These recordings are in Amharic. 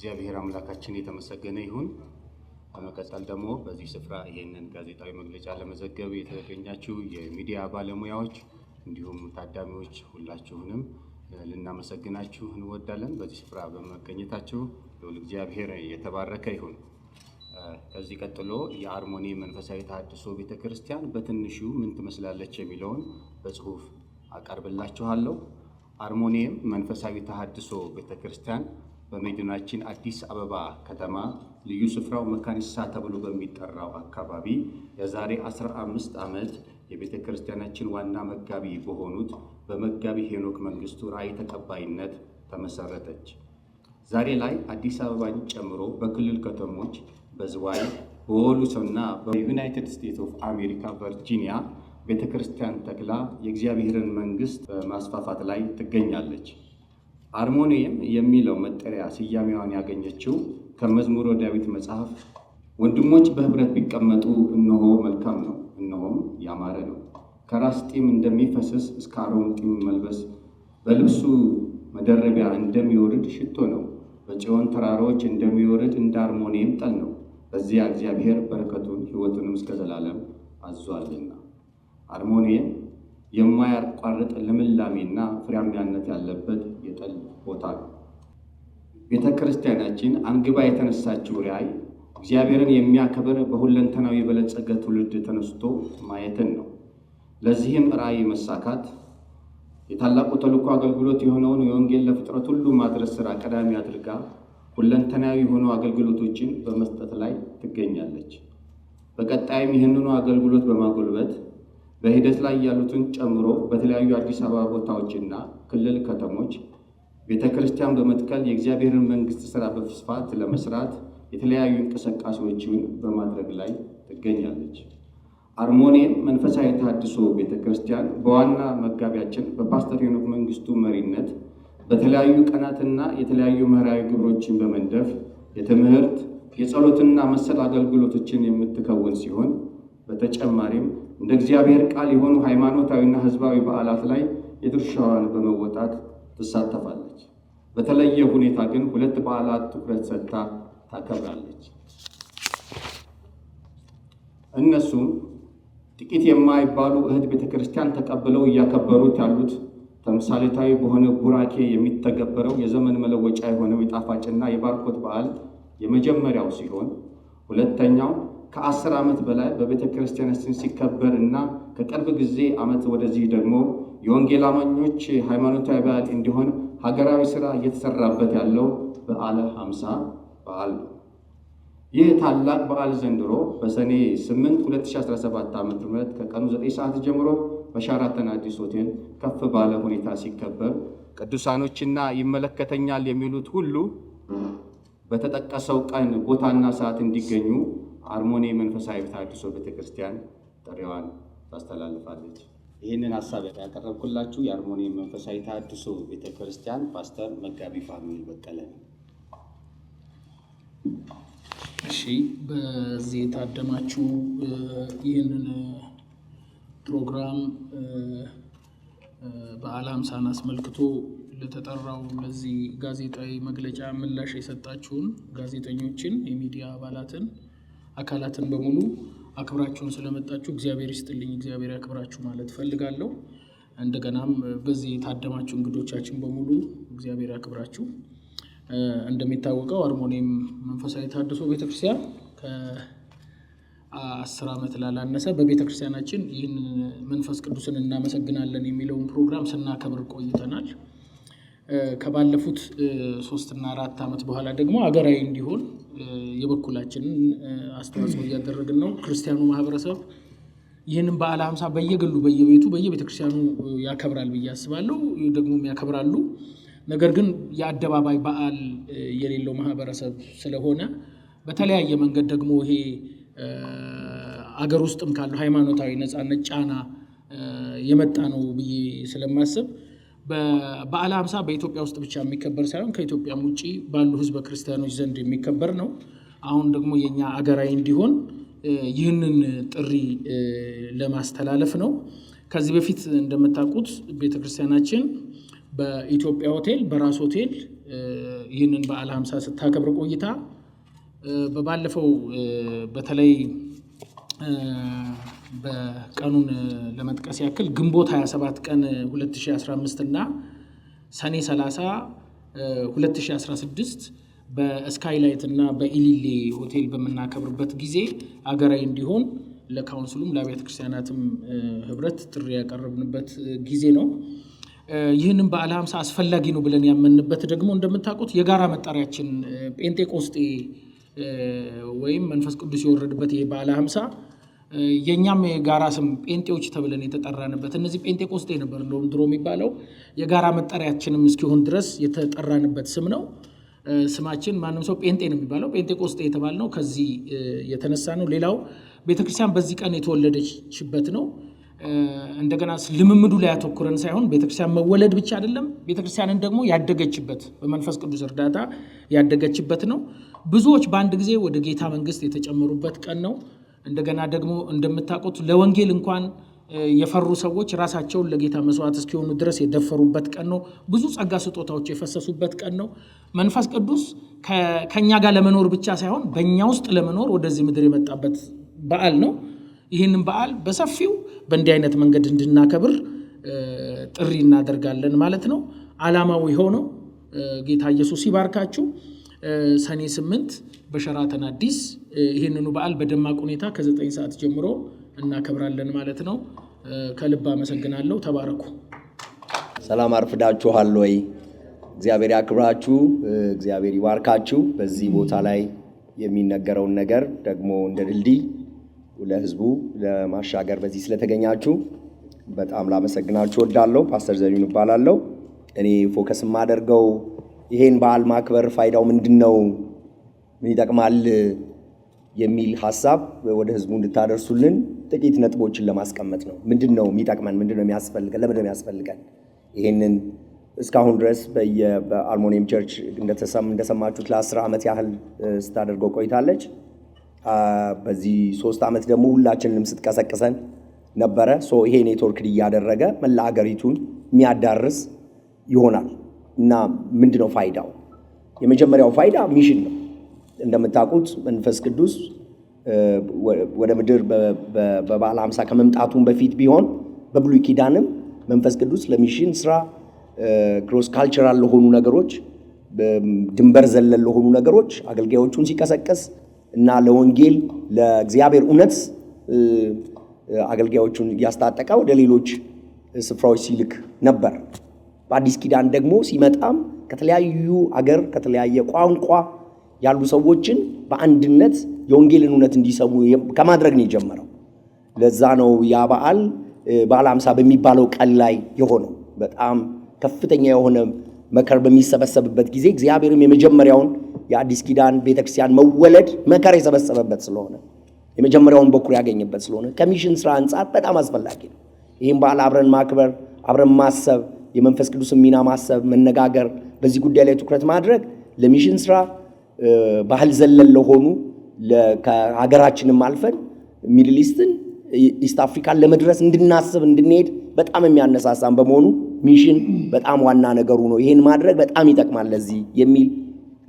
እግዚአብሔር አምላካችን የተመሰገነ ይሁን። በመቀጠል ደግሞ በዚህ ስፍራ ይህንን ጋዜጣዊ መግለጫ ለመዘገብ የተገኛችሁ የሚዲያ ባለሙያዎች እንዲሁም ታዳሚዎች ሁላችሁንም ልናመሰግናችሁ እንወዳለን። በዚህ ስፍራ በመገኘታችሁ ልዑል እግዚአብሔር የተባረከ ይሁን። ከዚህ ቀጥሎ የአርሞኒ መንፈሳዊ ተሐድሶ ቤተ ክርስቲያን በትንሹ ምን ትመስላለች የሚለውን በጽሁፍ አቀርብላችኋለሁ። አርሞኒየም መንፈሳዊ ተሐድሶ ቤተ ክርስቲያን በመዲናችን አዲስ አበባ ከተማ ልዩ ስፍራው መካኒሳ ተብሎ በሚጠራው አካባቢ የዛሬ 15 ዓመት የቤተ ክርስቲያናችን ዋና መጋቢ በሆኑት በመጋቢ ሄኖክ መንግስቱ ራእይ ተቀባይነት ተመሰረተች። ዛሬ ላይ አዲስ አበባን ጨምሮ በክልል ከተሞች በዝዋይ በወሉሶና በዩናይትድ ስቴትስ ኦፍ አሜሪካ ቨርጂኒያ ቤተ ክርስቲያን ተክላ የእግዚአብሔርን መንግስት በማስፋፋት ላይ ትገኛለች። አርሞኒየም የሚለው መጠሪያ ስያሜዋን ያገኘችው ከመዝሙረ ዳዊት መጽሐፍ ወንድሞች በህብረት ቢቀመጡ እነሆ መልካም ነው፣ እነሆም ያማረ ነው። ከራስ ጢም እንደሚፈስስ እስከ አሮን ጢም መልበስ በልብሱ መደረቢያ እንደሚወርድ ሽቶ ነው። በጽዮን ተራሮች እንደሚወርድ እንደ አርሞኒየም ጠል ነው። በዚያ እግዚአብሔር በረከቱን ሕይወቱንም እስከ ዘላለም አዟልና። አርሞኒየም የማያቋርጥ ልምላሜና ፍሬያማነት ያለበት የሚቀጥል ቦታ ነው። ቤተ ክርስቲያናችን አንግባ የተነሳችው ራዕይ እግዚአብሔርን የሚያከብር በሁለንተናው የበለጸገ ትውልድ ተነስቶ ማየትን ነው። ለዚህም ራዕይ መሳካት የታላቁ ተልእኮ አገልግሎት የሆነውን የወንጌል ለፍጥረት ሁሉ ማድረስ ስራ ቀዳሚ አድርጋ ሁለንተናዊ የሆኑ አገልግሎቶችን በመስጠት ላይ ትገኛለች። በቀጣይም ይህንኑ አገልግሎት በማጎልበት በሂደት ላይ ያሉትን ጨምሮ በተለያዩ አዲስ አበባ ቦታዎችና ክልል ከተሞች ቤተ ክርስቲያን በመትከል የእግዚአብሔርን መንግስት ስራ በስፋት ለመስራት የተለያዩ እንቅስቃሴዎችን በማድረግ ላይ ትገኛለች። አርሞኒየም መንፈሳዊ ተሐድሶ ቤተ ክርስቲያን በዋና መጋቢያችን በፓስተር ሄኖክ መንግስቱ መሪነት በተለያዩ ቀናትና የተለያዩ ምህራዊ ግብሮችን በመንደፍ የትምህርት የጸሎትና መሰል አገልግሎቶችን የምትከውን ሲሆን በተጨማሪም እንደ እግዚአብሔር ቃል የሆኑ ሃይማኖታዊና ህዝባዊ በዓላት ላይ የድርሻዋን በመወጣት ትሳተፋለች። በተለየ ሁኔታ ግን ሁለት በዓላት ትኩረት ሰጥታ ታከብራለች። እነሱም ጥቂት የማይባሉ እህት ቤተ ክርስቲያን ተቀብለው እያከበሩት ያሉት ተምሳሌታዊ በሆነ ቡራኬ የሚተገበረው የዘመን መለወጫ የሆነው የጣፋጭና የባርኮት በዓል የመጀመሪያው ሲሆን ሁለተኛው ከአስር ዓመት በላይ በቤተ ክርስቲያናችን ሲከበር እና ከቅርብ ጊዜ ዓመት ወደዚህ ደግሞ የወንጌል አማኞች ሃይማኖታዊ በዓል እንዲሆን ሀገራዊ ስራ እየተሰራበት ያለው በዓለ ሃምሳ በዓል ነው። ይህ ታላቅ በዓል ዘንድሮ በሰኔ 8 2017 ዓ.ም ከቀኑ 9 ሰዓት ጀምሮ በሻራተን አዲስ ሆቴል ከፍ ባለ ሁኔታ ሲከበር ቅዱሳኖችና ይመለከተኛል የሚሉት ሁሉ በተጠቀሰው ቀን ቦታና ሰዓት እንዲገኙ አርሞኒ መንፈሳዊ ተሐድሶ ቤተክርስቲያን ጥሪዋን ታስተላልፋለች። ይህንን ሀሳብ ያቀረብኩላችሁ የአርሞኒ መንፈሳዊ ተሐድሶ ቤተክርስቲያን ፓስተር መጋቢ ፋኑኤል በቀለ ነው። እሺ፣ በዚህ የታደማችሁ ይህንን ፕሮግራም በዓለ ሃምሳን አስመልክቶ ለተጠራው ለዚህ ጋዜጣዊ መግለጫ ምላሽ የሰጣችሁን ጋዜጠኞችን፣ የሚዲያ አባላትን አካላትን በሙሉ አክብራችሁን ስለመጣችሁ እግዚአብሔር ይስጥልኝ፣ እግዚአብሔር ያክብራችሁ ማለት ፈልጋለሁ። እንደገናም በዚህ የታደማችሁ እንግዶቻችን በሙሉ እግዚአብሔር ያክብራችሁ። እንደሚታወቀው አርሞኒየም መንፈሳዊ ታድሶ ቤተክርስቲያን ከአስር ዓመት ላላነሰ በቤተክርስቲያናችን ይህን መንፈስ ቅዱስን እናመሰግናለን የሚለውን ፕሮግራም ስናከብር ቆይተናል። ከባለፉት ሶስትና አራት ዓመት በኋላ ደግሞ አገራዊ እንዲሆን የበኩላችንን አስተዋጽኦ እያደረግን ነው። ክርስቲያኑ ማህበረሰብ ይህንን በዓለ ሀምሳ በየግሉ በየቤቱ በየቤተክርስቲያኑ ያከብራል ብዬ አስባለሁ። ደግሞም ያከብራሉ። ነገር ግን የአደባባይ በዓል የሌለው ማህበረሰብ ስለሆነ በተለያየ መንገድ ደግሞ ይሄ አገር ውስጥም ካለው ሃይማኖታዊ ነፃነት ጫና የመጣ ነው ብዬ ስለማስብ በበዓለ ሃምሳ በኢትዮጵያ ውስጥ ብቻ የሚከበር ሳይሆን ከኢትዮጵያም ውጭ ባሉ ህዝበ ክርስቲያኖች ዘንድ የሚከበር ነው። አሁን ደግሞ የኛ አገራዊ እንዲሆን ይህንን ጥሪ ለማስተላለፍ ነው። ከዚህ በፊት እንደምታውቁት ቤተክርስቲያናችን በኢትዮጵያ ሆቴል በራስ ሆቴል ይህንን በዓለ ሀምሳ ስታከብር ቆይታ በባለፈው በተለይ በቀኑን ለመጥቀስ ያክል ግንቦት 27 ቀን 2015 እና ሰኔ 30 2016 በስካይላይት እና በኢሊሌ ሆቴል በምናከብርበት ጊዜ አገራዊ እንዲሆን ለካውንስሉም ለአብያተ ክርስቲያናትም ህብረት ጥሪ ያቀረብንበት ጊዜ ነው። ይህንም በዓለ ሃምሳ አስፈላጊ ነው ብለን ያመንበት ደግሞ እንደምታውቁት የጋራ መጣሪያችን ጴንጤቆስጤ ወይም መንፈስ ቅዱስ የወረድበት ይህ በዓለ ሃምሳ የእኛም የጋራ ስም ጴንጤዎች ተብለን የተጠራንበት እነዚህ ጴንጤቆስጤ ነበር እንደውም ድሮ የሚባለው የጋራ መጠሪያችንም እስኪሆን ድረስ የተጠራንበት ስም ነው። ስማችን ማንም ሰው ጴንጤ ነው የሚባለው። ጴንጤቆስጤ ነው ከዚህ የተነሳ ነው። ሌላው ቤተክርስቲያን በዚህ ቀን የተወለደችበት ነው። እንደገና ልምምዱ ላይ ያተኩረን ሳይሆን ቤተክርስቲያን መወለድ ብቻ አይደለም፣ ቤተክርስቲያንን ደግሞ ያደገችበት በመንፈስ ቅዱስ እርዳታ ያደገችበት ነው። ብዙዎች በአንድ ጊዜ ወደ ጌታ መንግስት የተጨመሩበት ቀን ነው። እንደገና ደግሞ እንደምታውቁት ለወንጌል እንኳን የፈሩ ሰዎች ራሳቸውን ለጌታ መስዋዕት እስኪሆኑ ድረስ የደፈሩበት ቀን ነው። ብዙ ጸጋ ስጦታዎች የፈሰሱበት ቀን ነው። መንፈስ ቅዱስ ከእኛ ጋር ለመኖር ብቻ ሳይሆን በእኛ ውስጥ ለመኖር ወደዚህ ምድር የመጣበት በዓል ነው። ይህንን በዓል በሰፊው በእንዲህ አይነት መንገድ እንድናከብር ጥሪ እናደርጋለን ማለት ነው። አላማው የሆነው ጌታ ኢየሱስ ይባርካችሁ። ሰኔ ስምንት በሸራተን አዲስ ይህንኑ በዓል በደማቅ ሁኔታ ከዘጠኝ ሰዓት ጀምሮ እናከብራለን ማለት ነው። ከልብ አመሰግናለሁ። ተባረኩ። ሰላም አርፍዳችኋል ወይ? እግዚአብሔር ያክብራችሁ፣ እግዚአብሔር ይባርካችሁ። በዚህ ቦታ ላይ የሚነገረውን ነገር ደግሞ እንደ ድልድይ ለህዝቡ ለማሻገር በዚህ ስለተገኛችሁ በጣም ላመሰግናችሁ ወዳለሁ ፓስተር ዘሪሁን እባላለሁ። እኔ ፎከስ የማደርገው ይሄን በዓል ማክበር ፋይዳው ምንድን ነው ምን ይጠቅማል የሚል ሀሳብ ወደ ህዝቡ እንድታደርሱልን ጥቂት ነጥቦችን ለማስቀመጥ ነው። ምንድን ነው የሚጠቅመን? ምንድን ነው የሚያስፈልገን? ለምንድን ነው የሚያስፈልገን? ይህንን እስካሁን ድረስ በአልሞኒየም ቸርች እንደሰማችሁት ለአስር ዓመት ያህል ስታደርገው ቆይታለች። በዚህ ሶስት ዓመት ደግሞ ሁላችንንም ስትቀሰቅሰን ነበረ። ይሄ ኔትወርክ እያደረገ መላ የሚያዳርስ ይሆናል እና ምንድን ነው ፋይዳው? የመጀመሪያው ፋይዳ ሚሽን ነው። እንደምታውቁት መንፈስ ቅዱስ ወደ ምድር በበዓለ ሃምሳ ከመምጣቱን በፊት ቢሆን በብሉይ ኪዳንም መንፈስ ቅዱስ ለሚሽን ስራ ክሮስ ካልቸራል ለሆኑ ነገሮች ድንበር ዘለል ለሆኑ ነገሮች አገልጋዮቹን ሲቀሰቀስ እና ለወንጌል ለእግዚአብሔር እውነት አገልጋዮቹን እያስታጠቀ ወደ ሌሎች ስፍራዎች ሲልክ ነበር። በአዲስ ኪዳን ደግሞ ሲመጣም ከተለያዩ አገር ከተለያየ ቋንቋ ያሉ ሰዎችን በአንድነት የወንጌልን እውነት እንዲሰሙ ከማድረግ ነው የጀመረው። ለዛ ነው ያ በዓል በዓለ ሃምሳ በሚባለው ቀን ላይ የሆነው። በጣም ከፍተኛ የሆነ መከር በሚሰበሰብበት ጊዜ እግዚአብሔርም የመጀመሪያውን የአዲስ ኪዳን ቤተክርስቲያን መወለድ መከር የሰበሰበበት ስለሆነ የመጀመሪያውን በኩር ያገኘበት ስለሆነ ከሚሽን ስራ አንጻር በጣም አስፈላጊ ነው። ይህም በዓል አብረን ማክበር፣ አብረን ማሰብ፣ የመንፈስ ቅዱስ ሚና ማሰብ፣ መነጋገር፣ በዚህ ጉዳይ ላይ ትኩረት ማድረግ ለሚሽን ስራ ባህል ዘለል ለሆኑ ከሀገራችንም አልፈን ሚድል ኢስትን ኢስት አፍሪካን ለመድረስ እንድናስብ እንድንሄድ በጣም የሚያነሳሳን በመሆኑ ሚሽን በጣም ዋና ነገሩ ነው። ይህን ማድረግ በጣም ይጠቅማል ለዚህ የሚል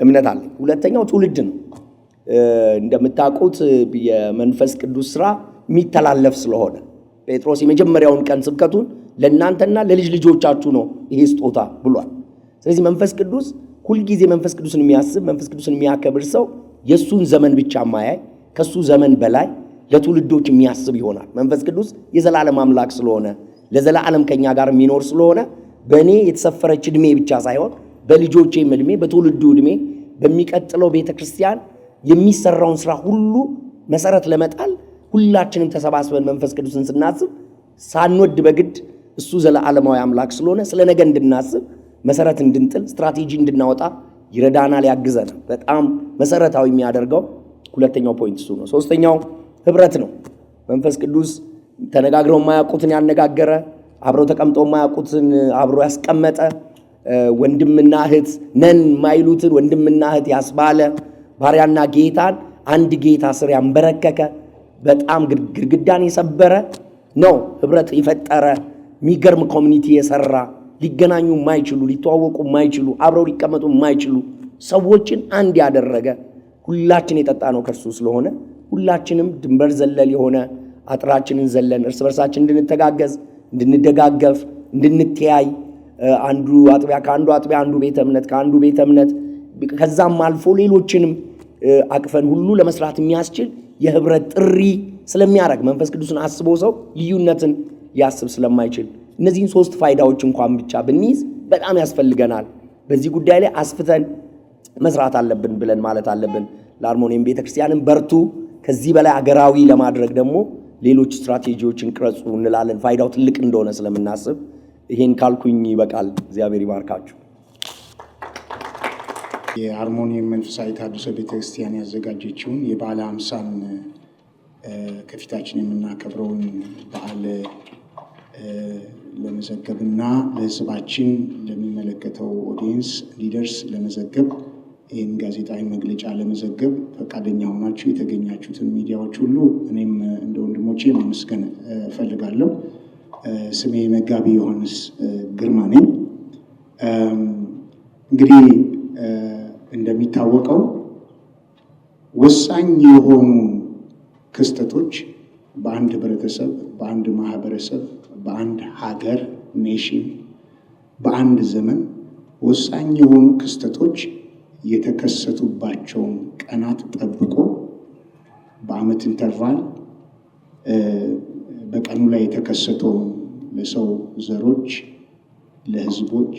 እምነት አለ። ሁለተኛው ትውልድ ነው። እንደምታውቁት የመንፈስ ቅዱስ ስራ የሚተላለፍ ስለሆነ ጴጥሮስ የመጀመሪያውን ቀን ስብከቱን ለእናንተና ለልጅ ልጆቻችሁ ነው ይሄ ስጦታ ብሏል። ስለዚህ መንፈስ ቅዱስ ሁልጊዜ መንፈስ ቅዱስን የሚያስብ መንፈስ ቅዱስን የሚያከብር ሰው የእሱን ዘመን ብቻ ማያይ ከእሱ ዘመን በላይ ለትውልዶች የሚያስብ ይሆናል። መንፈስ ቅዱስ የዘላለም አምላክ ስለሆነ ለዘላለም ከኛ ጋር የሚኖር ስለሆነ በእኔ የተሰፈረች ዕድሜ ብቻ ሳይሆን በልጆቼም ዕድሜ፣ በትውልዱ ዕድሜ፣ በሚቀጥለው ቤተ ክርስቲያን የሚሰራውን ስራ ሁሉ መሰረት ለመጣል ሁላችንም ተሰባስበን መንፈስ ቅዱስን ስናስብ ሳንወድ በግድ እሱ ዘለዓለማዊ አምላክ ስለሆነ ስለ ነገ እንድናስብ መሰረት እንድንጥል ስትራቴጂ እንድናወጣ ይረዳናል፣ ያግዘናል። በጣም መሰረታዊ የሚያደርገው ሁለተኛው ፖይንት እሱ ነው። ሶስተኛው ህብረት ነው። መንፈስ ቅዱስ ተነጋግረው የማያውቁትን ያነጋገረ፣ አብረው ተቀምጠው የማያውቁትን አብሮ ያስቀመጠ፣ ወንድምና እህት ነን የማይሉትን ወንድምና እህት ያስባለ፣ ባሪያና ጌታን አንድ ጌታ ስር ያንበረከከ፣ በጣም ግድግዳን የሰበረ ነው። ህብረት የፈጠረ የሚገርም ኮሚኒቲ የሰራ ሊገናኙ የማይችሉ ሊተዋወቁ የማይችሉ አብረው ሊቀመጡ የማይችሉ ሰዎችን አንድ ያደረገ ሁላችን የጠጣ ነው ከእርሱ ስለሆነ ሁላችንም ድንበር ዘለል የሆነ አጥራችንን ዘለን እርስ በርሳችን እንድንተጋገዝ፣ እንድንደጋገፍ፣ እንድንተያይ አንዱ አጥቢያ ከአንዱ አጥቢያ፣ አንዱ ቤተ እምነት ከአንዱ ቤተ እምነት ከዛም አልፎ ሌሎችንም አቅፈን ሁሉ ለመስራት የሚያስችል የህብረት ጥሪ ስለሚያደርግ መንፈስ ቅዱስን አስቦ ሰው ልዩነትን ሊያስብ ስለማይችል እነዚህን ሶስት ፋይዳዎች እንኳን ብቻ ብንይዝ በጣም ያስፈልገናል። በዚህ ጉዳይ ላይ አስፍተን መስራት አለብን ብለን ማለት አለብን። ለአርሞኒየም ቤተክርስቲያንን በርቱ፣ ከዚህ በላይ አገራዊ ለማድረግ ደግሞ ሌሎች ስትራቴጂዎችን ቅረጹ እንላለን። ፋይዳው ትልቅ እንደሆነ ስለምናስብ ይሄን ካልኩኝ ይበቃል። እግዚአብሔር ይባርካችሁ። የአርሞኒየም መንፈሳዊ ተሐድሶ ቤተክርስቲያን ያዘጋጀችውን የበዓለ ሃምሳን ከፊታችን የምናከብረውን በዓል ለመዘገብና ለሕዝባችን ለሚመለከተው ኦዲየንስ እንዲደርስ ለመዘገብ ይህን ጋዜጣዊ መግለጫ ለመዘገብ ፈቃደኛ ሆናችሁ የተገኛችሁትን ሚዲያዎች ሁሉ እኔም እንደ ወንድሞቼ ማመስገን እፈልጋለሁ። ስሜ መጋቢ ዮሐንስ ግርማ ነኝ። እንግዲህ እንደሚታወቀው ወሳኝ የሆኑ ክስተቶች በአንድ ህብረተሰብ፣ በአንድ ማህበረሰብ በአንድ ሀገር ኔሽን በአንድ ዘመን ወሳኝ የሆኑ ክስተቶች የተከሰቱባቸውን ቀናት ጠብቆ በአመት ኢንተርቫል በቀኑ ላይ የተከሰተውን ለሰው ዘሮች፣ ለህዝቦች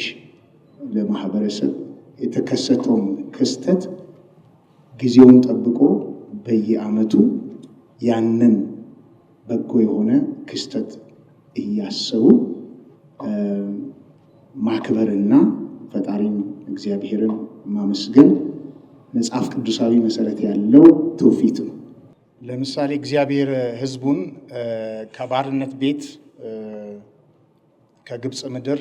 ለማህበረሰብ የተከሰተውን ክስተት ጊዜውን ጠብቆ በየአመቱ ያንን በጎ የሆነ ክስተት እያሰቡ ማክበርና ፈጣሪን እግዚአብሔርን ማመስገን መጽሐፍ ቅዱሳዊ መሰረት ያለው ትውፊት ነው። ለምሳሌ እግዚአብሔር ሕዝቡን ከባርነት ቤት ከግብፅ ምድር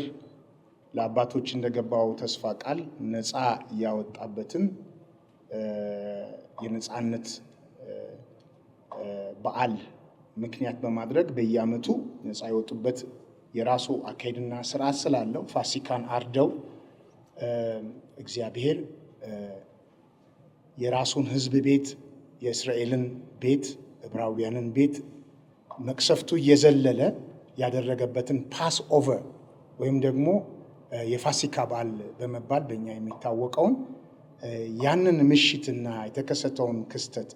ለአባቶች እንደገባው ተስፋ ቃል ነፃ ያወጣበትን የነፃነት በዓል ምክንያት በማድረግ በየዓመቱ ነፃ የወጡበት የራሱ አካሄድና ስርዓት ስላለው ፋሲካን አርደው እግዚአብሔር የራሱን ሕዝብ ቤት የእስራኤልን ቤት ዕብራውያንን ቤት መቅሰፍቱ እየዘለለ ያደረገበትን ፓስ ኦቨር ወይም ደግሞ የፋሲካ በዓል በመባል በእኛ የሚታወቀውን ያንን ምሽትና የተከሰተውን ክስተት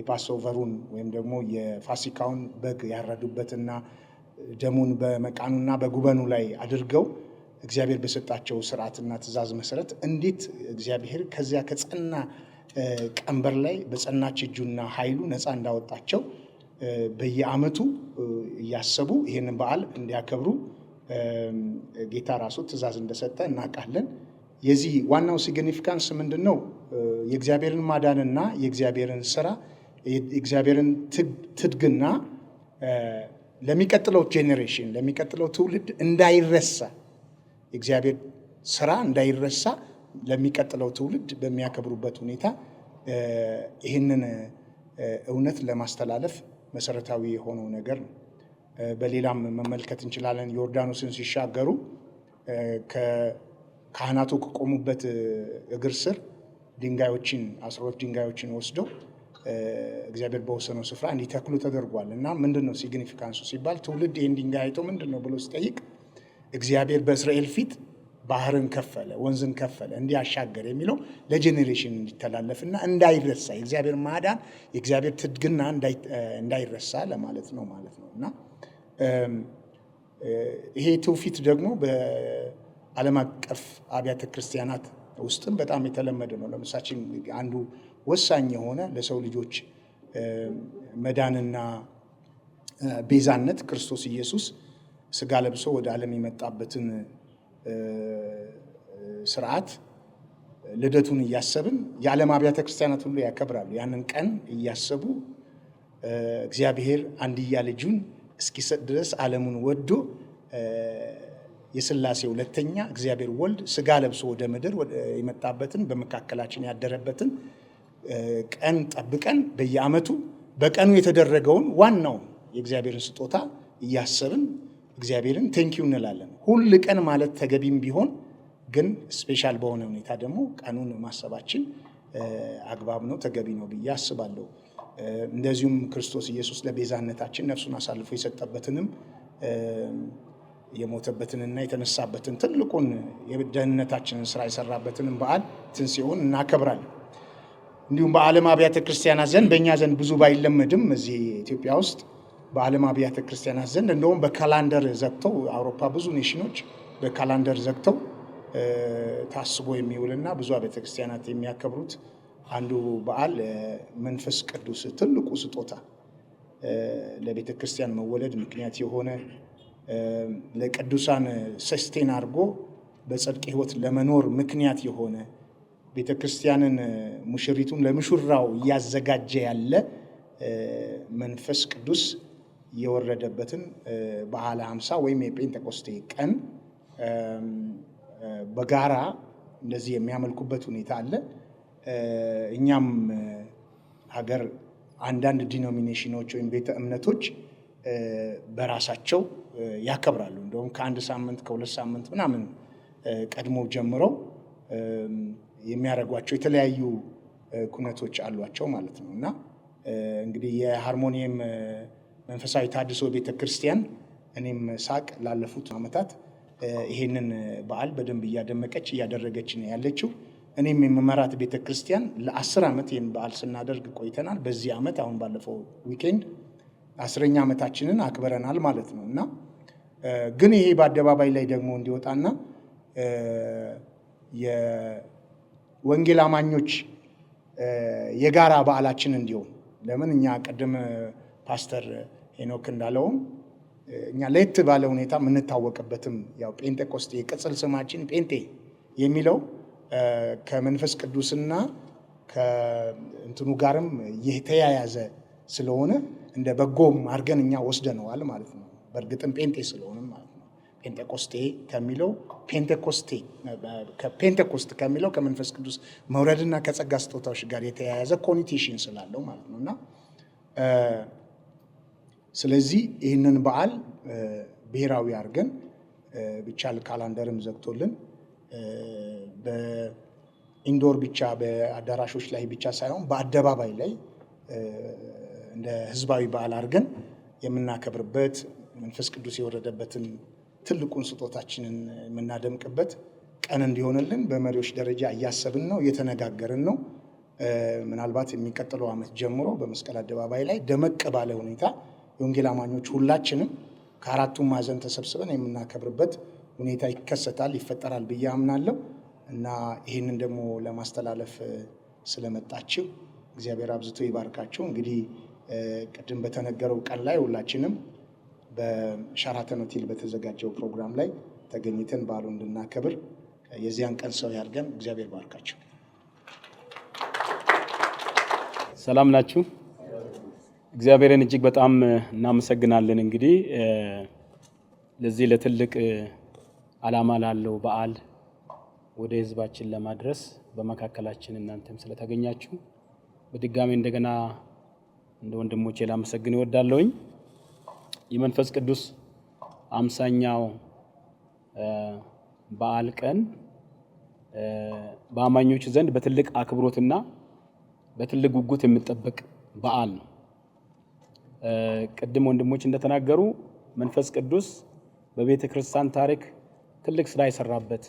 የፓስኦቨሩን ወይም ደግሞ የፋሲካውን በግ ያረዱበትና ደሙን በመቃኑና በጉበኑ ላይ አድርገው እግዚአብሔር በሰጣቸው ስርዓትና ትእዛዝ መሰረት እንዴት እግዚአብሔር ከዚያ ከጸና ቀንበር ላይ በጸናች እጁና ኃይሉ ነፃ እንዳወጣቸው በየአመቱ እያሰቡ ይህንን በዓል እንዲያከብሩ ጌታ ራሱ ትእዛዝ እንደሰጠ እናውቃለን። የዚህ ዋናው ሲግኒፊካንስ ምንድን ነው? የእግዚአብሔርን ማዳንና የእግዚአብሔርን ስራ የእግዚአብሔርን ትድግና ለሚቀጥለው ጄኔሬሽን ለሚቀጥለው ትውልድ እንዳይረሳ የእግዚአብሔር ስራ እንዳይረሳ ለሚቀጥለው ትውልድ በሚያከብሩበት ሁኔታ ይህንን እውነት ለማስተላለፍ መሰረታዊ የሆነው ነገር ነው። በሌላም መመልከት እንችላለን። ዮርዳኖስን ሲሻገሩ ካህናቱ ከቆሙበት እግር ስር ድንጋዮችን አስራ ሁለት ድንጋዮችን ወስደው እግዚአብሔር በወሰነው ስፍራ እንዲተክሉ ተደርጓል እና ምንድን ነው ሲግኒፊካንሱ ሲባል ትውልድ ይህን ድንጋይ አይቶ ምንድን ነው ብሎ ሲጠይቅ እግዚአብሔር በእስራኤል ፊት ባህርን ከፈለ፣ ወንዝን ከፈለ እንዲያሻገር የሚለው ለጄኔሬሽን እንዲተላለፍና እንዳይረሳ የእግዚአብሔር ማዳን የእግዚአብሔር ትድግና እንዳይረሳ ለማለት ነው ማለት ነው እና ይሄ ትውፊት ደግሞ በዓለም አቀፍ አብያተ ክርስቲያናት ውስጥም በጣም የተለመደ ነው። ለምሳችን አንዱ ወሳኝ የሆነ ለሰው ልጆች መዳንና ቤዛነት ክርስቶስ ኢየሱስ ስጋ ለብሶ ወደ ዓለም የመጣበትን ስርዓት ልደቱን እያሰብን የዓለም አብያተ ክርስቲያናት ሁሉ ያከብራሉ። ያንን ቀን እያሰቡ እግዚአብሔር አንድያ ልጁን እስኪሰጥ ድረስ ዓለሙን ወዶ የስላሴ ሁለተኛ እግዚአብሔር ወልድ ስጋ ለብሶ ወደ ምድር የመጣበትን በመካከላችን ያደረበትን ቀን ጠብቀን በየዓመቱ በቀኑ የተደረገውን ዋናው የእግዚአብሔርን ስጦታ እያሰብን እግዚአብሔርን ቴንኪው እንላለን። ሁል ቀን ማለት ተገቢም ቢሆን ግን ስፔሻል በሆነ ሁኔታ ደግሞ ቀኑን ማሰባችን አግባብ ነው፣ ተገቢ ነው ብዬ አስባለሁ። እንደዚሁም ክርስቶስ ኢየሱስ ለቤዛነታችን ነፍሱን አሳልፎ የሰጠበትንም የሞተበትንና የተነሳበትን ትልቁን የደህንነታችንን ስራ የሰራበትንም በዓል ትን እናከብራለን። እንዲሁም በዓለም አብያተ ክርስቲያናት ዘንድ በእኛ ዘንድ ብዙ ባይለመድም እዚህ ኢትዮጵያ ውስጥ በዓለም አብያተ ክርስቲያናት ዘንድ እንደውም በካላንደር ዘግተው አውሮፓ ብዙ ኔሽኖች በካላንደር ዘግተው ታስቦ የሚውልና ብዙ አብያተ ክርስቲያናት የሚያከብሩት አንዱ በዓል መንፈስ ቅዱስ ትልቁ ስጦታ ለቤተ ክርስቲያን መወለድ ምክንያት የሆነ ለቅዱሳን ሰስቴን አድርጎ በጽድቅ ሕይወት ለመኖር ምክንያት የሆነ ቤተ ክርስቲያንን ሙሽሪቱን ለምሹራው እያዘጋጀ ያለ መንፈስ ቅዱስ የወረደበትን በዓለ ሀምሳ ወይም የጴንጠቆስቴ ቀን በጋራ እንደዚህ የሚያመልኩበት ሁኔታ አለ። እኛም ሀገር አንዳንድ ዲኖሚኔሽኖች ወይም ቤተ እምነቶች በራሳቸው ያከብራሉ። እንደውም ከአንድ ሳምንት ከሁለት ሳምንት ምናምን ቀድሞ ጀምረው የሚያደርጓቸው የተለያዩ ኩነቶች አሏቸው ማለት ነው እና እንግዲህ የሃርሞኒየም መንፈሳዊ ታድሶ ቤተ ክርስቲያን እኔም ሳቅ ላለፉት ዓመታት ይሄንን በዓል በደንብ እያደመቀች እያደረገች ነው ያለችው። እኔም የምመራት ቤተ ክርስቲያን ለአስር ዓመት ይህን በዓል ስናደርግ ቆይተናል። በዚህ ዓመት አሁን ባለፈው ዊኬንድ አስረኛ ዓመታችንን አክብረናል ማለት ነው እና ግን ይሄ በአደባባይ ላይ ደግሞ እንዲወጣና ወንጌል አማኞች የጋራ በዓላችን እንዲሆን ለምን እኛ ቅድም ፓስተር ሄኖክ እንዳለውም እኛ ለየት ባለ ሁኔታ የምንታወቅበትም ያው ጴንጤቆስት የቅጽል ስማችን ጴንጤ የሚለው ከመንፈስ ቅዱስና ከእንትኑ ጋርም የተያያዘ ስለሆነ እንደ በጎም አድርገን እኛ ወስደነዋል ማለት ነው። በእርግጥም ጴንጤ ስለሆነ ፔንቴኮስቴ ከሚለው ፔንቴኮስቴ ፔንቴኮስት ከሚለው ከመንፈስ ቅዱስ መውረድና ከጸጋ ስጦታዎች ጋር የተያያዘ ኮኒቴሽን ስላለው ማለት ነው እና ስለዚህ ይህንን በዓል ብሔራዊ አድርገን ብቻ ካላንደርም ዘግቶልን በኢንዶር ብቻ በአዳራሾች ላይ ብቻ ሳይሆን በአደባባይ ላይ እንደ ህዝባዊ በዓል አድርገን የምናከብርበት መንፈስ ቅዱስ የወረደበትን ትልቁን ስጦታችንን የምናደምቅበት ቀን እንዲሆንልን በመሪዎች ደረጃ እያሰብን ነው፣ እየተነጋገርን ነው። ምናልባት የሚቀጥለው ዓመት ጀምሮ በመስቀል አደባባይ ላይ ደመቅ ባለ ሁኔታ የወንጌል አማኞች ሁላችንም ከአራቱም ማዕዘን ተሰብስበን የምናከብርበት ሁኔታ ይከሰታል፣ ይፈጠራል ብዬ አምናለሁ እና ይህንን ደግሞ ለማስተላለፍ ስለመጣችው እግዚአብሔር አብዝቶ ይባርካቸው። እንግዲህ ቅድም በተነገረው ቀን ላይ ሁላችንም በሸራተን ሆቴል በተዘጋጀው ፕሮግራም ላይ ተገኝተን በዓሉ እንድናከብር የዚያን ቀን ሰው ያድርገን። እግዚአብሔር ባርካቸው። ሰላም ናችሁ። እግዚአብሔርን እጅግ በጣም እናመሰግናለን። እንግዲህ ለዚህ ለትልቅ ዓላማ ላለው በዓል ወደ ህዝባችን ለማድረስ በመካከላችን እናንተም ስለተገኛችሁ በድጋሚ እንደገና እንደ ወንድሞቼ ላመሰግን እወዳለሁኝ። የመንፈስ ቅዱስ አምሳኛው በዓል ቀን በአማኞች ዘንድ በትልቅ አክብሮትና በትልቅ ጉጉት የሚጠበቅ በዓል ነው። ቅድም ወንድሞች እንደተናገሩ መንፈስ ቅዱስ በቤተ ክርስቲያን ታሪክ ትልቅ ስራ የሰራበት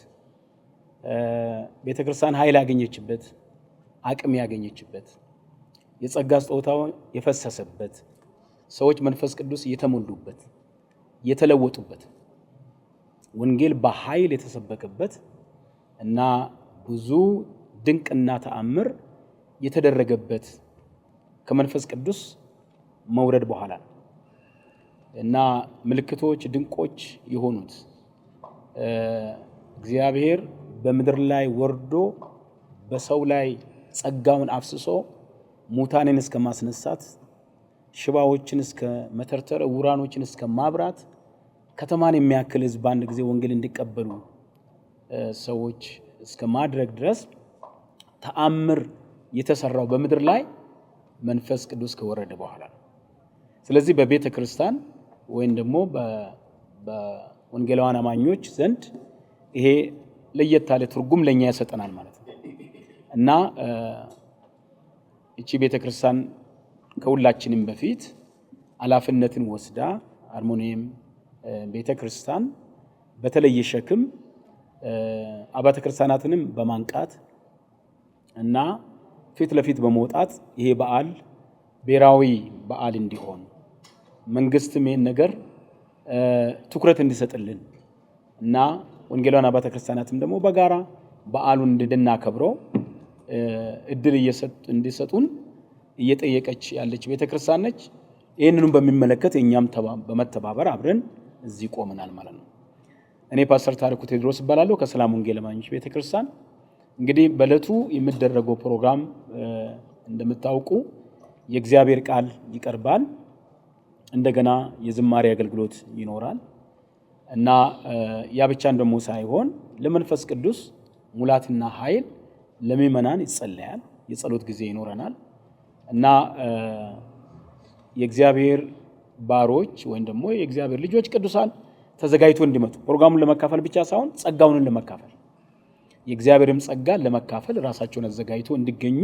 ቤተ ክርስቲያን ኃይል ያገኘችበት፣ አቅም ያገኘችበት፣ የጸጋ ስጦታው የፈሰሰበት ሰዎች መንፈስ ቅዱስ የተሞሉበት የተለወጡበት ወንጌል በኃይል የተሰበከበት እና ብዙ ድንቅና ተአምር የተደረገበት ከመንፈስ ቅዱስ መውረድ በኋላ እና ምልክቶች ድንቆች የሆኑት እግዚአብሔር በምድር ላይ ወርዶ በሰው ላይ ጸጋውን አፍስሶ ሙታንን እስከ ማስነሳት ሽባዎችን እስከ መተርተር፣ ዕውራኖችን እስከ ማብራት ከተማን የሚያክል ህዝብ በአንድ ጊዜ ወንጌል እንዲቀበሉ ሰዎች እስከ ማድረግ ድረስ ተአምር የተሰራው በምድር ላይ መንፈስ ቅዱስ ከወረደ በኋላ ነው። ስለዚህ በቤተ ክርስቲያን ወይም ደግሞ በወንጌላውያን አማኞች ዘንድ ይሄ ለየት ያለ ትርጉም ለእኛ ያሰጠናል ማለት ነው እና እቺ ቤተ ክርስቲያን ከሁላችንም በፊት ኃላፊነትን ወስዳ አርሞኒየም ቤተ ክርስቲያን በተለየ ሸክም አብያተ ክርስቲያናትንም በማንቃት እና ፊት ለፊት በመውጣት ይሄ በዓል ብሔራዊ በዓል እንዲሆን መንግስትም ይህን ነገር ትኩረት እንዲሰጥልን እና ወንጌላን አብያተ ክርስቲያናትም ደግሞ በጋራ በዓሉን እንድናከብረው እድል እንዲሰጡን እየጠየቀች ያለች ቤተክርስቲያን ነች። ይህንንም በሚመለከት የእኛም በመተባበር አብረን እዚህ ቆመናል ማለት ነው። እኔ ፓስተር ታሪኩ ቴድሮስ እባላለሁ ከሰላም ወንጌል አማኞች ቤተክርስቲያን። እንግዲህ በእለቱ የሚደረገው ፕሮግራም እንደምታውቁ የእግዚአብሔር ቃል ይቀርባል። እንደገና የዝማሬ አገልግሎት ይኖራል እና ያ ብቻን ደግሞ ሳይሆን ለመንፈስ ቅዱስ ሙላትና ኃይል ለምእመናን ይጸለያል። የጸሎት ጊዜ ይኖረናል። እና የእግዚአብሔር ባሮች ወይም ደግሞ የእግዚአብሔር ልጆች ቅዱሳን ተዘጋጅቶ እንዲመጡ ፕሮግራሙን ለመካፈል ብቻ ሳይሆን ጸጋውንን ለመካፈል የእግዚአብሔርም ጸጋ ለመካፈል ራሳቸውን አዘጋጅቶ እንዲገኙ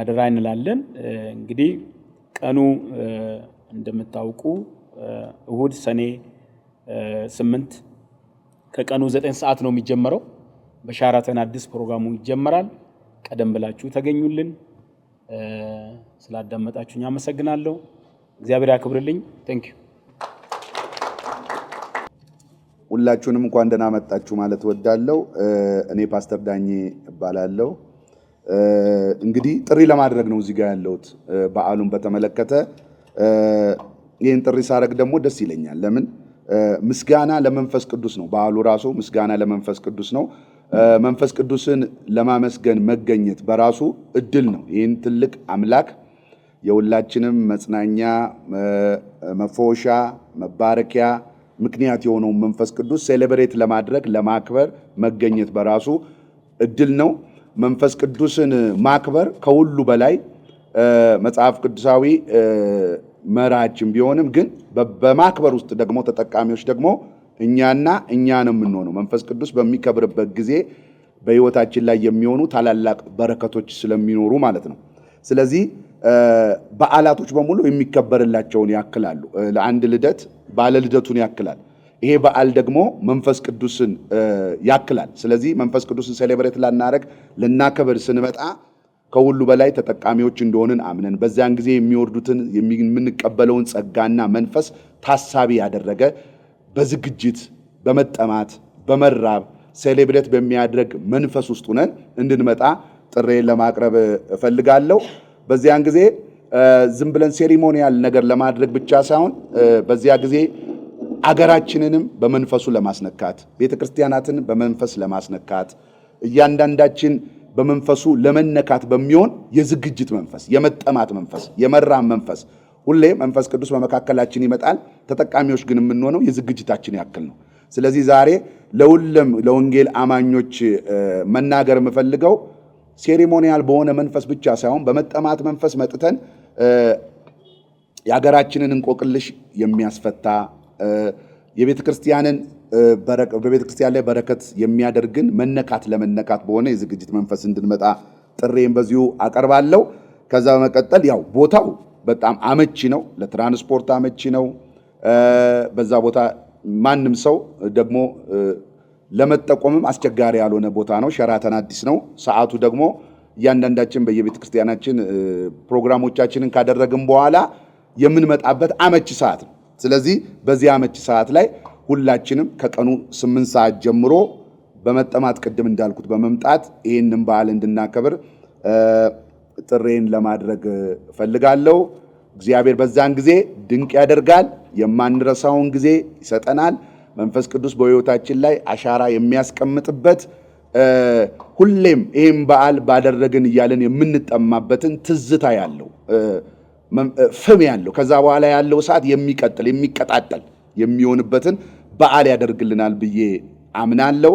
አደራ እንላለን። እንግዲህ ቀኑ እንደምታውቁ እሁድ ሰኔ ስምንት ከቀኑ ዘጠኝ ሰዓት ነው የሚጀመረው። በሻራተን አዲስ ፕሮግራሙ ይጀመራል። ቀደም ብላችሁ ተገኙልን። ስላዳመጣችሁኝ አመሰግናለሁ። እግዚአብሔር ያክብርልኝ። ቴንክ ዩ። ሁላችሁንም እንኳን ደህና መጣችሁ ማለት ወዳለው እኔ ፓስተር ዳኜ እባላለሁ። እንግዲህ ጥሪ ለማድረግ ነው እዚህ ጋር ያለሁት በዓሉን በተመለከተ ይህን ጥሪ ሳረግ ደግሞ ደስ ይለኛል። ለምን ምስጋና ለመንፈስ ቅዱስ ነው። በዓሉ ራሱ ምስጋና ለመንፈስ ቅዱስ ነው። መንፈስ ቅዱስን ለማመስገን መገኘት በራሱ እድል ነው። ይህን ትልቅ አምላክ የሁላችንም መጽናኛ፣ መፎሻ፣ መባረኪያ ምክንያት የሆነውን መንፈስ ቅዱስ ሴሌብሬት ለማድረግ ለማክበር መገኘት በራሱ እድል ነው። መንፈስ ቅዱስን ማክበር ከሁሉ በላይ መጽሐፍ ቅዱሳዊ መራችን ቢሆንም ግን በማክበር ውስጥ ደግሞ ተጠቃሚዎች ደግሞ እኛና እኛ ነው የምንሆነው። መንፈስ ቅዱስ በሚከብርበት ጊዜ በህይወታችን ላይ የሚሆኑ ታላላቅ በረከቶች ስለሚኖሩ ማለት ነው። ስለዚህ በዓላቶች በሙሉ የሚከበርላቸውን ያክላሉ። ለአንድ ልደት ባለ ልደቱን ያክላል። ይሄ በዓል ደግሞ መንፈስ ቅዱስን ያክላል። ስለዚህ መንፈስ ቅዱስን ሴሌብሬት ላናረግ ልናከብር ስንመጣ ከሁሉ በላይ ተጠቃሚዎች እንደሆንን አምነን በዚያን ጊዜ የሚወርዱትን የምንቀበለውን ጸጋና መንፈስ ታሳቢ ያደረገ በዝግጅት በመጠማት በመራብ ሴሌብሬት በሚያደርግ መንፈስ ውስጥ ሆነን እንድንመጣ ጥሬን ለማቅረብ እፈልጋለሁ። በዚያን ጊዜ ዝም ብለን ሴሪሞኒያል ነገር ለማድረግ ብቻ ሳይሆን በዚያ ጊዜ አገራችንንም በመንፈሱ ለማስነካት ቤተ ክርስቲያናትን በመንፈስ ለማስነካት እያንዳንዳችን በመንፈሱ ለመነካት በሚሆን የዝግጅት መንፈስ፣ የመጠማት መንፈስ፣ የመራብ መንፈስ ሁሌ መንፈስ ቅዱስ በመካከላችን ይመጣል። ተጠቃሚዎች ግን የምንሆነው የዝግጅታችን ያክል ነው። ስለዚህ ዛሬ ለሁሉም ለወንጌል አማኞች መናገር የምፈልገው ሴሪሞኒያል በሆነ መንፈስ ብቻ ሳይሆን በመጠማት መንፈስ መጥተን የሀገራችንን እንቆቅልሽ የሚያስፈታ የቤተ ክርስቲያንን በቤተ ክርስቲያን ላይ በረከት የሚያደርግን መነካት ለመነካት በሆነ የዝግጅት መንፈስ እንድንመጣ ጥሬን በዚሁ አቀርባለሁ። ከዛ በመቀጠል ያው ቦታው በጣም አመቺ ነው፣ ለትራንስፖርት አመቺ ነው። በዛ ቦታ ማንም ሰው ደግሞ ለመጠቆምም አስቸጋሪ ያልሆነ ቦታ ነው። ሸራተን አዲስ ነው። ሰዓቱ ደግሞ እያንዳንዳችን በየቤተ ክርስቲያናችን ፕሮግራሞቻችንን ካደረግን በኋላ የምንመጣበት አመቺ ሰዓት ነው። ስለዚህ በዚህ አመቺ ሰዓት ላይ ሁላችንም ከቀኑ ስምንት ሰዓት ጀምሮ በመጠማት ቅድም እንዳልኩት በመምጣት ይህንን በዓል እንድናከብር ጥሬን ለማድረግ እፈልጋለሁ። እግዚአብሔር በዛን ጊዜ ድንቅ ያደርጋል። የማንረሳውን ጊዜ ይሰጠናል። መንፈስ ቅዱስ በሕይወታችን ላይ አሻራ የሚያስቀምጥበት ሁሌም ይህም በዓል ባደረግን እያለን የምንጠማበትን ትዝታ ያለው ፍም ያለው ከዛ በኋላ ያለው ሰዓት የሚቀጥል የሚቀጣጠል የሚሆንበትን በዓል ያደርግልናል ብዬ አምናለሁ።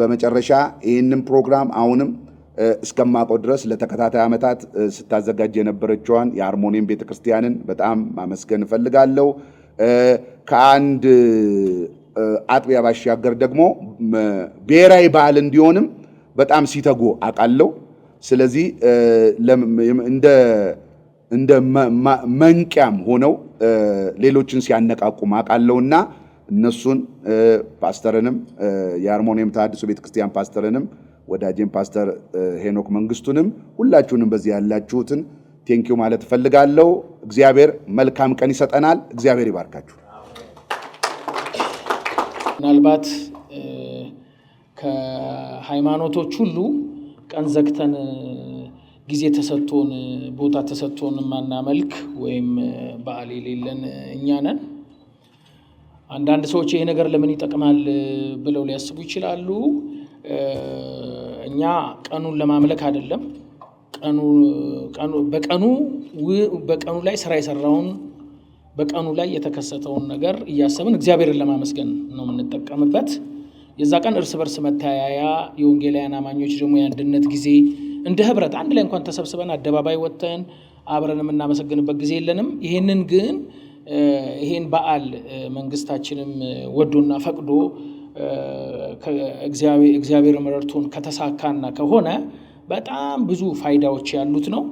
በመጨረሻ ይህንን ፕሮግራም አሁንም እስከማውቀው ድረስ ለተከታታይ ዓመታት ስታዘጋጅ የነበረችዋን የአርሞኒየም ቤተክርስቲያንን በጣም ማመስገን እፈልጋለሁ። ከአንድ አጥቢያ ባሻገር ደግሞ ብሔራዊ በዓል እንዲሆንም በጣም ሲተጉ አውቃለሁ። ስለዚህ እንደ መንቅያም ሆነው ሌሎችን ሲያነቃቁ አውቃለሁና እነሱን ፓስተርንም የአርሞኒየም ተሐድሶ ቤተክርስቲያን ፓስተርንም ወዳጄን ፓስተር ሄኖክ መንግስቱንም ሁላችሁንም በዚህ ያላችሁትን ቴንኪው ማለት እፈልጋለሁ። እግዚአብሔር መልካም ቀን ይሰጠናል። እግዚአብሔር ይባርካችሁ። ምናልባት ከሃይማኖቶች ሁሉ ቀን ዘግተን ጊዜ ተሰጥቶን ቦታ ተሰጥቶን ማናመልክ ወይም በዓል የሌለን እኛ ነን። አንዳንድ ሰዎች ይሄ ነገር ለምን ይጠቅማል ብለው ሊያስቡ ይችላሉ። እኛ ቀኑን ለማምለክ አይደለም በቀኑ በቀኑ ላይ ስራ የሰራውን በቀኑ ላይ የተከሰተውን ነገር እያሰብን እግዚአብሔርን ለማመስገን ነው የምንጠቀምበት። የዛ ቀን እርስ በርስ መተያያ የወንጌላውያን አማኞች ደግሞ የአንድነት ጊዜ እንደ ህብረት አንድ ላይ እንኳን ተሰብስበን አደባባይ ወጥተን አብረን የምናመሰግንበት ጊዜ የለንም። ይሄንን ግን ይሄን በዓል መንግስታችንም ወዶና ፈቅዶ እግዚአብሔር መረድቶን ከተሳካና ከሆነ በጣም ብዙ ፋይዳዎች ያሉት ነው።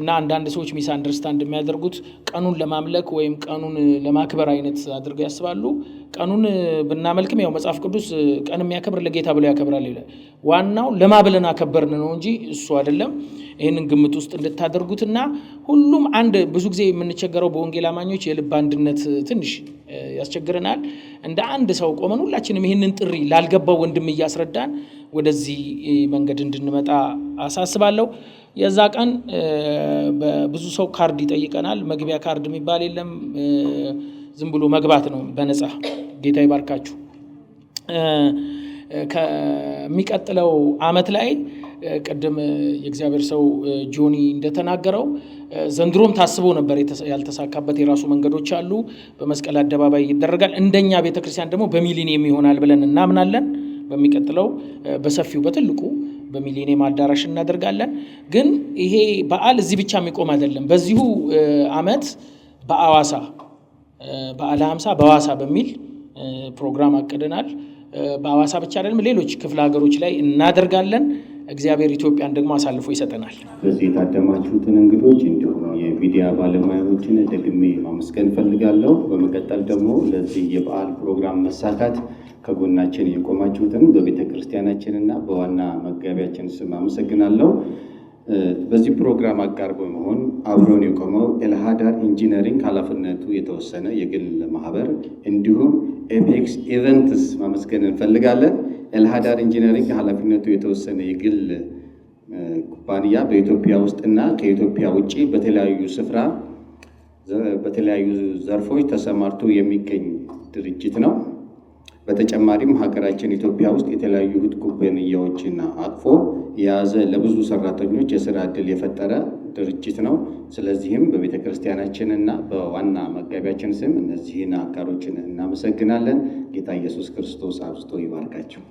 እና አንዳንድ ሰዎች ሚስ አንደርስታንድ የሚያደርጉት ቀኑን ለማምለክ ወይም ቀኑን ለማክበር አይነት አድርገው ያስባሉ። ቀኑን ብናመልክም ያው መጽሐፍ ቅዱስ ቀን የሚያከብር ለጌታ ብሎ ያከብራል ይላል። ዋናው ለማብለን አከበርን ነው እንጂ እሱ አይደለም። ይህንን ግምት ውስጥ እንድታደርጉት እና ሁሉም አንድ ብዙ ጊዜ የምንቸገረው በወንጌል አማኞች የልብ አንድነት ትንሽ ያስቸግረናል። እንደ አንድ ሰው ቆመን ሁላችንም ይህንን ጥሪ ላልገባው ወንድም እያስረዳን ወደዚህ መንገድ እንድንመጣ አሳስባለሁ። የዛ ቀን ብዙ ሰው ካርድ ይጠይቀናል። መግቢያ ካርድ የሚባል የለም። ዝም ብሎ መግባት ነው በነፃ። ጌታ ይባርካችሁ። ከሚቀጥለው አመት ላይ ቅድም የእግዚአብሔር ሰው ጆኒ እንደተናገረው ዘንድሮም ታስቦ ነበር ያልተሳካበት የራሱ መንገዶች አሉ። በመስቀል አደባባይ ይደረጋል። እንደኛ ቤተክርስቲያን ደግሞ በሚሊኒየም ይሆናል ብለን እናምናለን። በሚቀጥለው በሰፊው በትልቁ በሚሊኒየም አዳራሽ እናደርጋለን። ግን ይሄ በዓል እዚህ ብቻ የሚቆም አይደለም። በዚሁ ዓመት በአዋሳ በዓለ ሀምሳ በአዋሳ በሚል ፕሮግራም አቅደናል። በአዋሳ ብቻ አይደለም፣ ሌሎች ክፍለ ሀገሮች ላይ እናደርጋለን። እግዚአብሔር ኢትዮጵያን ደግሞ አሳልፎ ይሰጠናል። በዚህ የታደማችሁትን እንግዶች እንዲሁም የሚዲያ ባለሙያዎችን ደግሜ ማመስገን እፈልጋለሁ። በመቀጠል ደግሞ ለዚህ የበዓል ፕሮግራም መሳካት ከጎናችን የቆማችሁትን በቤተ ክርስቲያናችንና በዋና መጋቢያችን ስም አመሰግናለሁ። በዚህ ፕሮግራም አጋር በመሆን አብሮን የቆመው ኤልሃዳር ኢንጂነሪንግ ኃላፊነቱ የተወሰነ የግል ማህበር እንዲሁም ኤፔክስ ኢቨንትስ ማመስገን እንፈልጋለን። ኤልሃዳር ኢንጂነሪንግ ኃላፊነቱ የተወሰነ የግል ኩባንያ በኢትዮጵያ ውስጥ እና ከኢትዮጵያ ውጭ በተለያዩ ስፍራ በተለያዩ ዘርፎች ተሰማርቶ የሚገኝ ድርጅት ነው። በተጨማሪም ሀገራችን ኢትዮጵያ ውስጥ የተለያዩ ህት ኩባንያዎችን አቅፎ የያዘ ለብዙ ሰራተኞች የስራ ዕድል የፈጠረ ድርጅት ነው። ስለዚህም በቤተ እና በዋና መጋቢያችን ስም እነዚህን አጋሮችን እናመሰግናለን። ጌታ ኢየሱስ ክርስቶስ አብዝቶ ይባርካቸው።